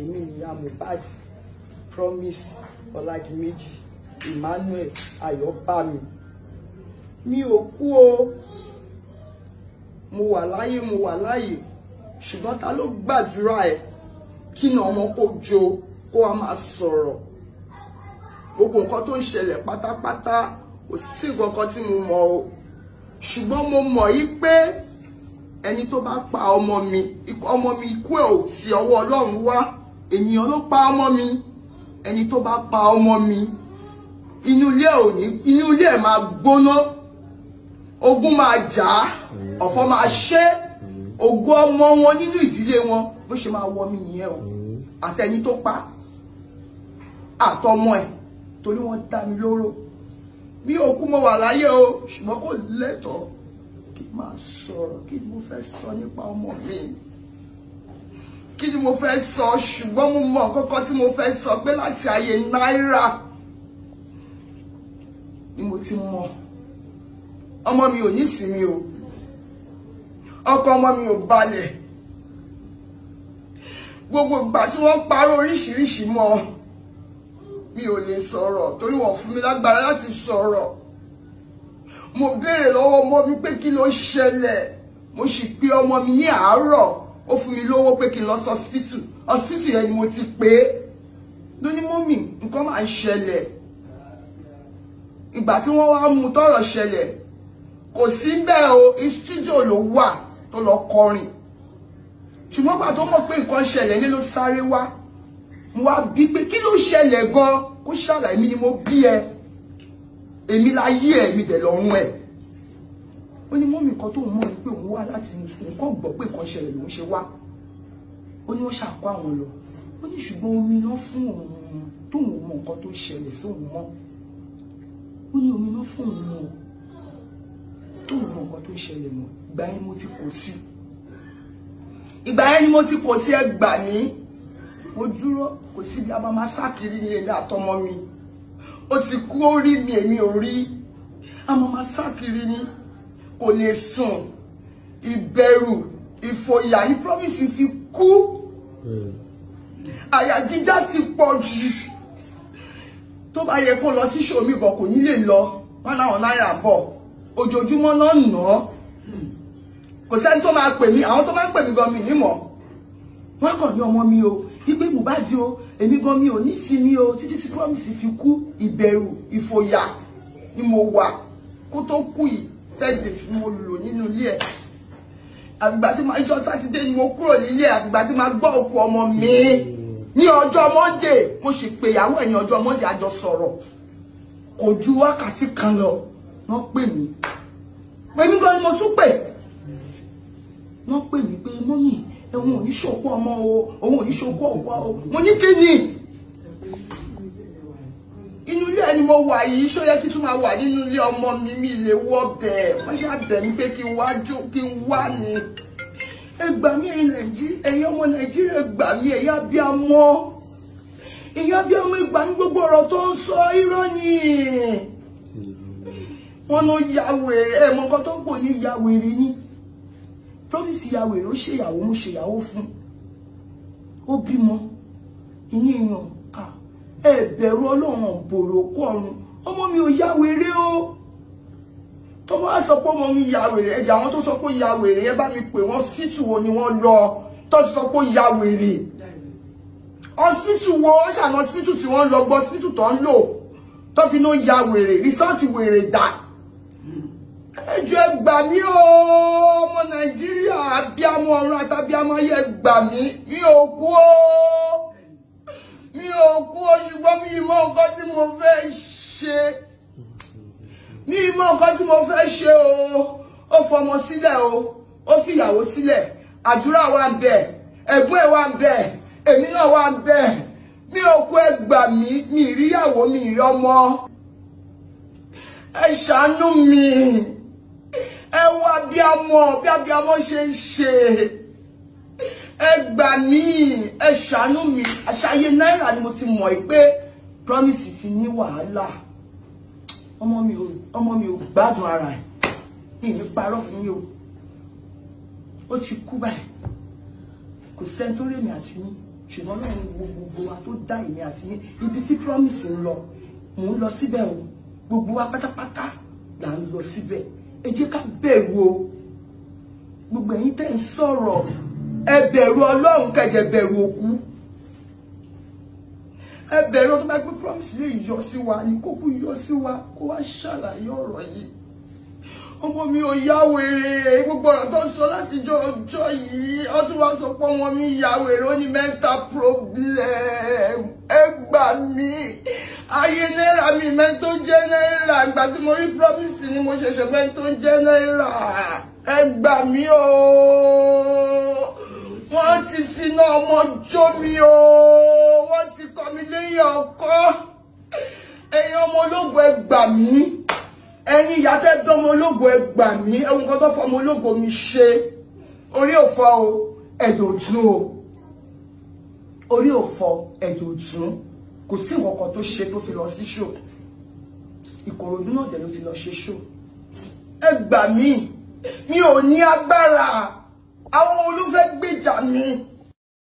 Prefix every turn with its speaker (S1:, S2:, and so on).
S1: èmi ìyá Mohbad promise ọlájìméjì emmanuel ayọ̀bámi mi ò kú o mo wà láyé mo wà láyé ṣùgbọ́n ta ló gbàdúrà ẹ kí ni ọmọ kó jo kó a máa sọ̀rọ̀ gbogbo nǹkan tó ń ṣẹlẹ̀ pátápátá kò sí nǹkan kan tí mo mọ̀ o ṣùgbọ́n mo mọ̀ yí pé ẹni tó bá pa ọmọ mi ọmọ mi ikú ẹ̀ ò ti ọwọ́ ọlọ́run wá ènìyàn ló pa ọmọ mi ẹni tó bá pa ọmọ mi inú ilé ò ní inú ilé ẹ̀ máa gbóná ogun máa jà á ọ̀fọ̀ máa ṣẹ́ ògo ọmọ wọn nínú ìdílé wọn bó ṣe máa wọ mí nìyẹn o àtẹni tó pa àtọmọ ẹ̀ torí wọ́n dá mi lóró mi ò kú mo wà láyé o ṣùgbọ́n kò lẹ́tọ̀ọ́ kí n máa sọ̀rọ̀ kí n mo fẹ́ sọ nípa ọmọ mi kí ni mo fẹ́ sọ ṣùgbọ́n mo mọ kọ́kọ́ tí mo fẹ́ sọ pé láti ayé náírà ni mo ti mọ ọmọ mi ò ní o ọkọ ọmọ mi ò balẹ̀ gbogbo ìgbà tí wọ́n parọ́ oríṣiríṣi mọ́ mi ò lè sọ̀rọ̀ torí wọ́n fún mi lágbára láti sọ̀rọ̀ mo béèrè lọ́wọ́ ọmọ mi pé kí ló ṣẹlẹ̀ mo sì pe ọmọ mi ní àárọ̀ ó fún mi lówó pé kí n lọ sí hospital hospital yẹn ni mo ti pé ló ní mọ́mì nǹkan máa ń ṣẹlẹ̀ ìgbà tí wọ́n wá mú tọ́rọ̀ ṣẹlẹ̀ kò sí ń bẹ́ẹ̀ o studio ló wà tó lọ kọrin ṣùgbọ́n gbà tó mọ̀ pé nǹkan ṣẹlẹ̀ ní ló sáré wá mo wá bí pé kí ló ṣẹlẹ̀ gan kó ṣàlàyé mi ni mo bí ẹ èmi láyé ẹ mi dẹ̀ lọ́rùn ẹ̀ ó ní mọ́mì kan tóun mọ̀ pé òun wá láti inú sùn kọ́ gbọ́ pé nǹkan ṣẹlẹ̀ lòun ṣe wá ó ní ó ṣàkọ́ àwọn lọ ó ní ṣùgbọ́n omi náà fún òun tóun mọ̀ nǹkan tó ṣẹlẹ̀ sóun mọ́ ó ní omi náà fún òun mọ́ tóun mọ̀ nǹkan tó ṣẹlẹ̀ mọ́ ìgbà yẹn mo ti kò sí ìgbà yẹn ni mo ti kò sí ẹ gbà mí mo dúró kò sí bí a bá máa sákiri ní èmi àtọmọ mi ó ti kú ó rí mi èmi ò rí a máa máa sákiri ní kò lè sùn ìbẹ̀rù ìfòyà yìí promise fi kú hmm. àyà jíjá ti pọ̀ jù tó bá yẹ kó lọ sí ṣòmí bọ̀ kò ní lè lọ wọn láwọn náírà bọ̀ ojoojúmọ́ náà nà án kò sẹ́ni tó máa pè mí àwọn tó máa ń pè mí gan mi nímọ̀ wọn kàn ní ọmọ mi o gbígbé Mohbad o èmi gan mi ò ní sinmi o títí tí promise fi kú ìbẹ̀rù ìfòyà ni mo wà kó tó kú yìí ten days ni mo lò nínú ilé ẹ̀ àfìgbà tí ìjọ sátidé ni mo kúrò nílé ẹ̀ àfìgbà tí máa gbọ́ òkú ọmọ mi ní ọjọ́ monday mo sì pè ìyàwó ẹ̀ ní monday àjọ sọ̀rọ̀ kò ju kan lọ wọ́n pè mí pé mi gan mo tún pè wọ́n pè mí pé mọ́mì ẹ̀wọ̀n ò ní o òun ò ní ṣòkú o mo ní kí mo wà yìí ṣó yẹ kí tún máa wà nínú ilé ọmọ mi mi lè wọ bẹ́ẹ̀ wọ́n ṣàbẹ̀ mí pé kí n wá jó kí n wá ni ẹ gbà mí ẹ̀yin ọmọ nàìjíríà gbà mí ẹ̀yà bí a mọ́ ìyá bí ọmọ ìgbà ní gbogbo ọ̀rọ̀ tó ń sọ irọ́ ni wọ́n ló ya wèrè ẹ̀mọ kan tó ń pò ní ya wèrè ní promise ya wèrè ó ṣèyàwó mo ṣèyàwó fún ó bímọ ìyẹn ìyàn ẹ̀bẹ̀rù ọlọ́run bòròkó ọ̀run ọmọ mi ò yáwèrè o tọmọ á sọ pé ọmọ mi yáwèrè ẹ̀jẹ̀ àwọn tó sọ pé yáwèrè ẹ bá mi pè wọ́n síìtù wo ni wọ́n lọ tó sọ pé yáwèrè ọsibítù wo wọ́n ṣàna ọsibítù tí wọ́n lọ gbọ́ ọsibítù tó ń lò tó fi ní yáwèrè rìsọ́ọ̀tì wèrè dà ẹjọ́ ẹ gbà mí o ọmọ nàìjíríà abiyamọ ọ̀run àtàbíamọ ayé ẹ gbà mí mi ò kú o mi ò kú o ṣùgbọ́n mi mọ nǹkan tí mo fẹ́ ṣe mi ì mọ nǹkan tí mo fẹ́ ṣe o ó fọmọ sílẹ̀ o ó fìyàwó sílẹ̀ àdúrà wa ń bẹ ẹ̀gbọ́n ẹ̀ wa ń bẹ èmi náà wa ń bẹ mi ò kú ẹ gbà mi ì ríyàwó mi ì rí ọmọ ẹ ṣàánú mi ẹ wá bí a mọ bí a bí a mọ ṣe ń ṣe ẹ gbà mí ẹ ṣàánú mi àṣàyè náírà ni mo ti mọ̀ pé promise ti ní wàhálà ọmọ mi ò ọmọ mi gbádùn ara ẹ̀ ní parọ́ fún yín o ó ti kú báyìí kò sẹ́ni tó rèmi àti yín ṣùgbọ́n lẹ́yìn wo gbogbo wa tó dá èmi àti yín ibi tí promise ń lọ mò ń lọ síbẹ̀ o gbogbo wa pátápátá là ń lọ síbẹ̀ ẹ jẹ́ ká bẹ̀rù o gbogbo ẹ̀yin tẹ́ ń sọ̀rọ̀ ẹ ọlọ́run kẹjẹ bẹ̀rù òkú ẹ ọdún bá promise lè yọ sí wa ní kókó yọ sí wa kó wá ṣàlàyé ọ̀rọ̀ yìí ọmọ mi ò ya wèrè gbogbo ọ̀rọ̀ tó ń sọ látijọ́ ọjọ́ yìí ó tún wá sọ pé ọmọ mi ya wèrè ó ní mental problem ẹ gbà ayé náírà mi mẹ́ni jẹ́ náírà ìgbà tí mo rí promise ni mo ṣẹ̀ṣẹ̀ mẹ́ni jẹ́ náírà ẹ gbà mí iná ọmọ jó mi o wọ́n ti kọ́ mi lẹ́yìn ọkọ́ ẹ̀yin ọmọ ológo ẹ gbà mí ẹ̀yin ìyá tẹ́ dán ọmọ ológo ẹ gbà mí ẹ̀wọ̀n kan tó fọ ọmọ ológo mi ṣe orí ò fọ́ o ẹ̀dọ̀ òtún o orí ò fọ́ ẹ̀dọ̀ òtún kò sí nǹkan kan tó ṣe tó fi lọ sí ṣò ìkòròdú náà dẹ̀ ló fi lọ ṣe ṣò ẹ gbà mí mi ò ní agbára àwọn olùfẹ́ gbèjà mi